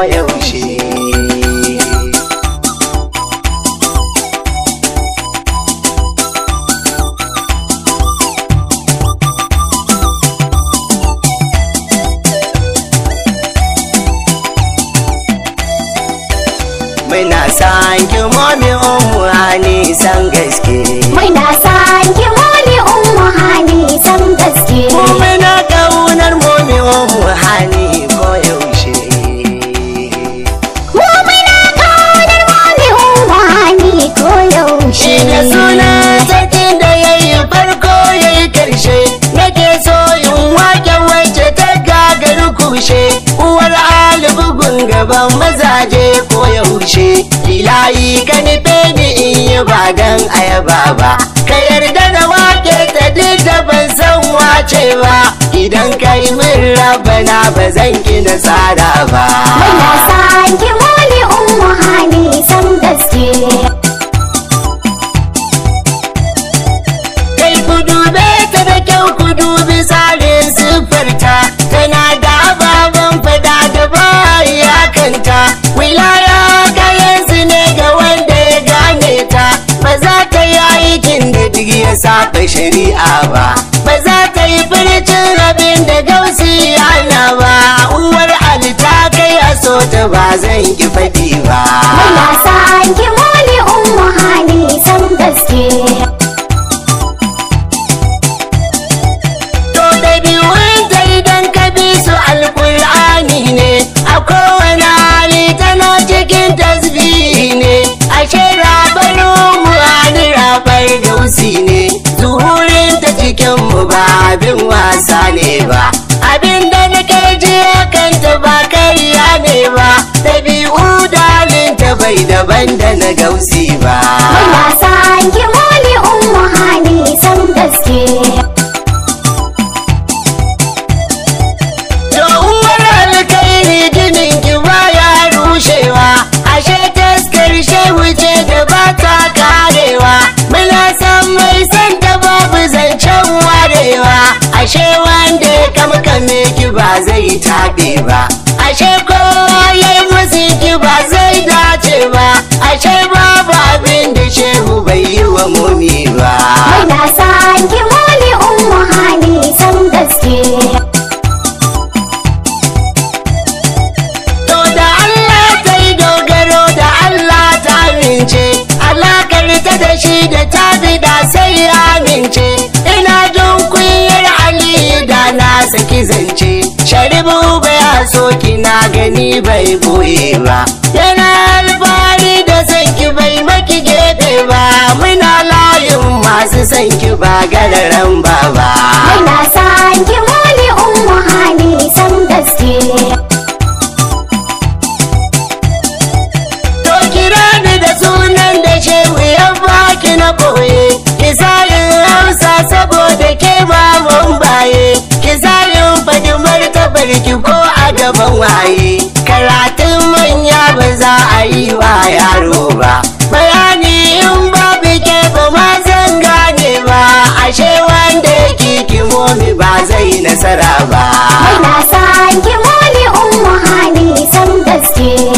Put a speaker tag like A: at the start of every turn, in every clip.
A: I gaban mazaje ko yaushe ilayi ka nufe ni in yi ba dan ayaba ba ka yarda da wake ta da ban san wace ba idan ka yi min rabana ba zan ki nasara ba muna san ki mole gaske saba shari'a ba ba za ta yi furcin rabin da gausi ana ba uwar ali ta kai a so ba zan ki faɗi ba muna sa ki mole umma hali san gaske abin wasa ne ba abin da nake ji kanta ba kariya ne ba ɗabi'u dalinta bai daban da na gausi ba mai wasa yi taɓe ba ashe kowa ya yi musiki ba zai dace ba ashe babu abin da shehu bai yi wa mumi ba mai san ki mumi umma hali san gaske shi da tabida sai ya amince ina jin kunyar ali da na saki zance so kina gani bai boye ba yana alfahari da sanki bai maki gefe ba muna layin masu sanki ba gararan ba ba muna sanki maye karatun manya ba za a yi wa yaro ba bayani in ba bike ba ma zan gane ba ashe wanda yake kimomi ba zai nasara ba mai nasa san kimomi umma hali san gaske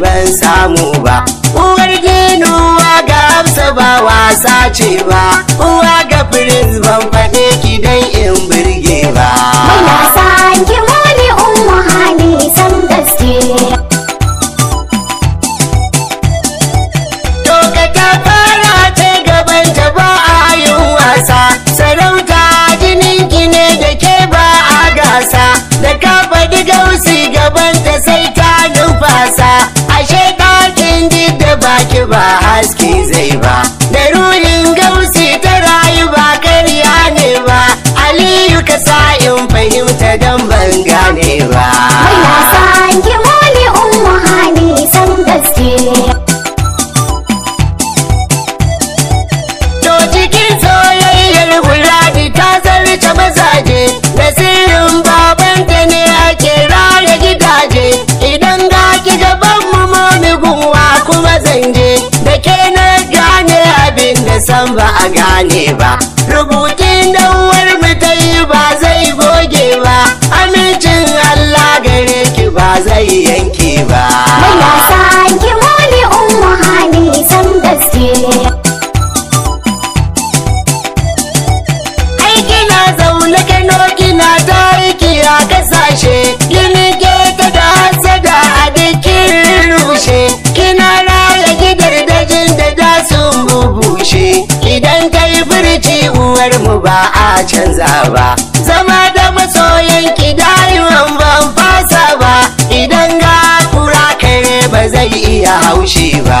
A: ban samu ba uwar ginuwa ga amsa ba wasa ce ba uwa ga firis ban faɗe ki dan in birge ba matasa ki mole umma hali san gaske sarauta jinin ki ne da ke ba a gasa da ka faɗi gausi gaban favor. san ba a gane ba ba a canza ba zama da masoyin kidayewan ban fasa ba idan ga kura kare ba zai iya haushi ba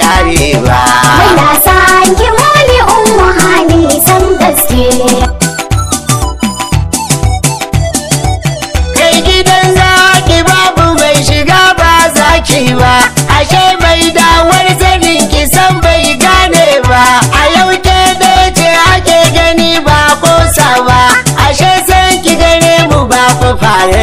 A: karewa. ba muna san wani umu hali san gaske kai gidan zaki babu mai shiga ba zaki ba ashe mai dawar zanin ki san bai gane ba a yau ke da ce ake gani ba ko ba ashe san ki gane mu ba fa fara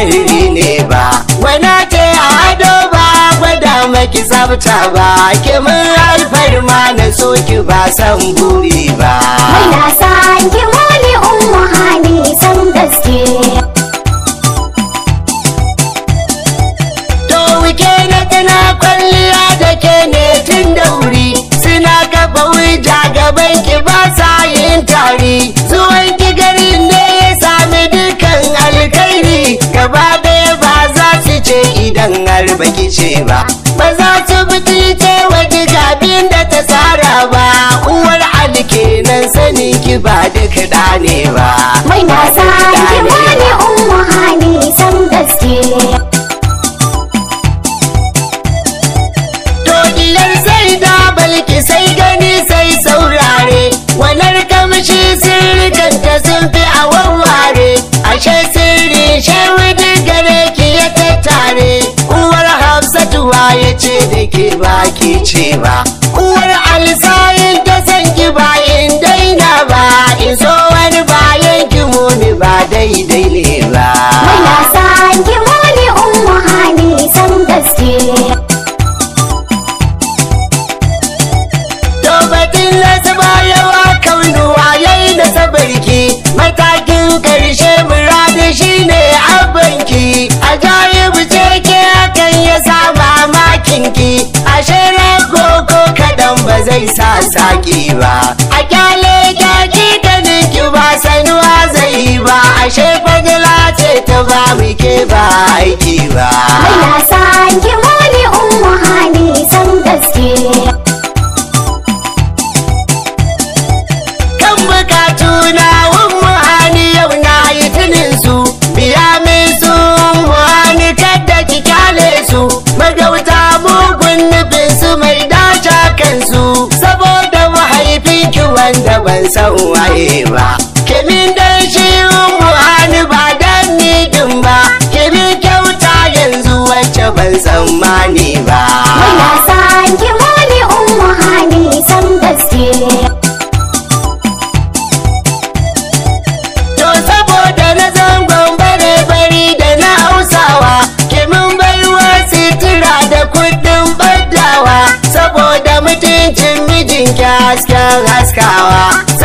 A: ki ba ke mun alfarma na so ki ba san buri ba muna san ki wani umma hali san gaske to wike na tana kwalliya da ke ne tun da wuri suna kafa wuja gaban ki ba sa yin tari zuwan ki garin ne ya sami dukan alkhairi ka ba har baki ba za ta butulce wa abin da ta tsara ba uwar ali kenan sani ki ba duka da ne ba mai na sa ki umma hali san gaske to diyar sai da balki sai gani sai saurare wanar kamshi sirrin ta sun fi a wawware ashe sirri shewa satuwa ya ce da ke baki ce ba uwar alzayin da zan ki bayan daina ba iso wani bayan ki muni ba daidai ne saki ba a kyale kyaki ta ninki ba sanuwa zai ba ashe fadila ce ta ba muke ba aiki ba da ba kimin dan shi mu'ani ba dan nidin ba kimin kyauta yanzu wacce ban tsammani ba muna san ki mani ummu san gaske to saboda na zangon bare bari da na hausawa kimin baiwa sitira da kudin badawa saboda mutuncin mijin hasken haskawa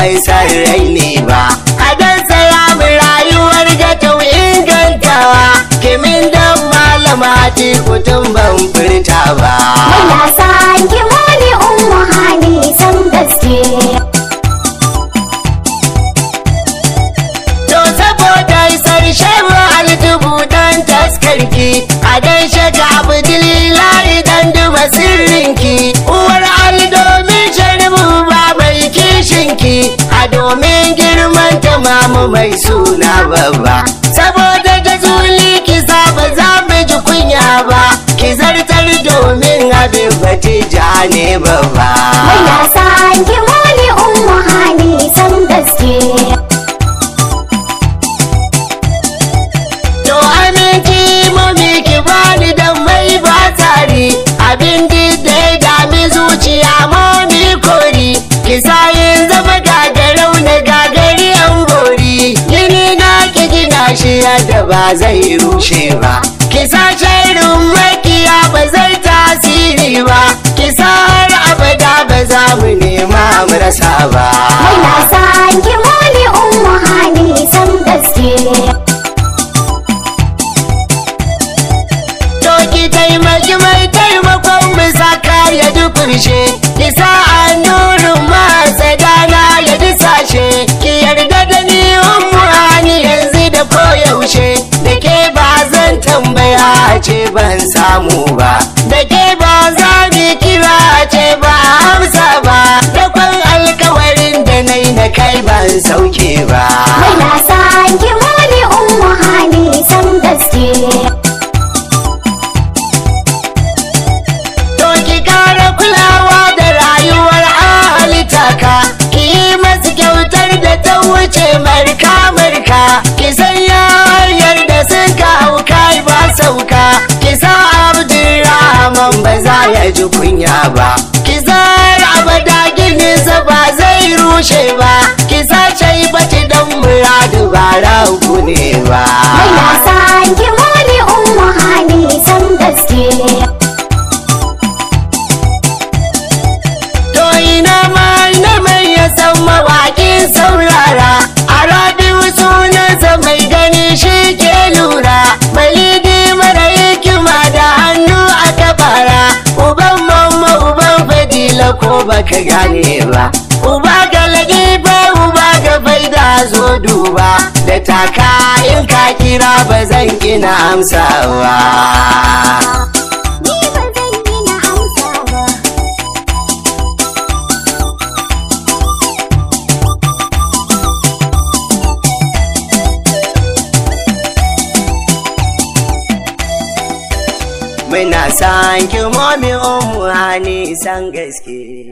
A: ban san rai ne ba a dan tsaya mu rayuwar ga kyau ingantawa kimin dan malama ce kutun ban furta ba matasa ki mani hali san gaske to saboda isar shewa aljubu dan taskarki a dan shaga abdulillahi dan duba sirrinki mai suna babba saboda da zuli kisa ba za mu ji kunya ba ki zartar domin abin fatija ne babba zai rushe ba kisa shirin makiya ba zai tasiri ba kisa har abada ba za mu nema mu rasa ba muna gaske to ki taimaki mai taimakon bisa kaya duk ƙarshe. ce ban samu ba da ke ba za mu kira ce ba amsa ba da kwan alkawarin da nai na kai ban sauke ba mai na wani umma hali san gaske to ki kara kulawa da rayuwar halittaka ki yi masu kyautar da ta wuce marka ya ji kunya ba kizar abada gini ba zai rushe ba kizar ce bace dan muradu ba ragu ne ba mai baka gane ba uba ga ba uba ga faida zo duba da taka in ka kira ba zan kina amsawa muna san ki umu oh, hani san gaske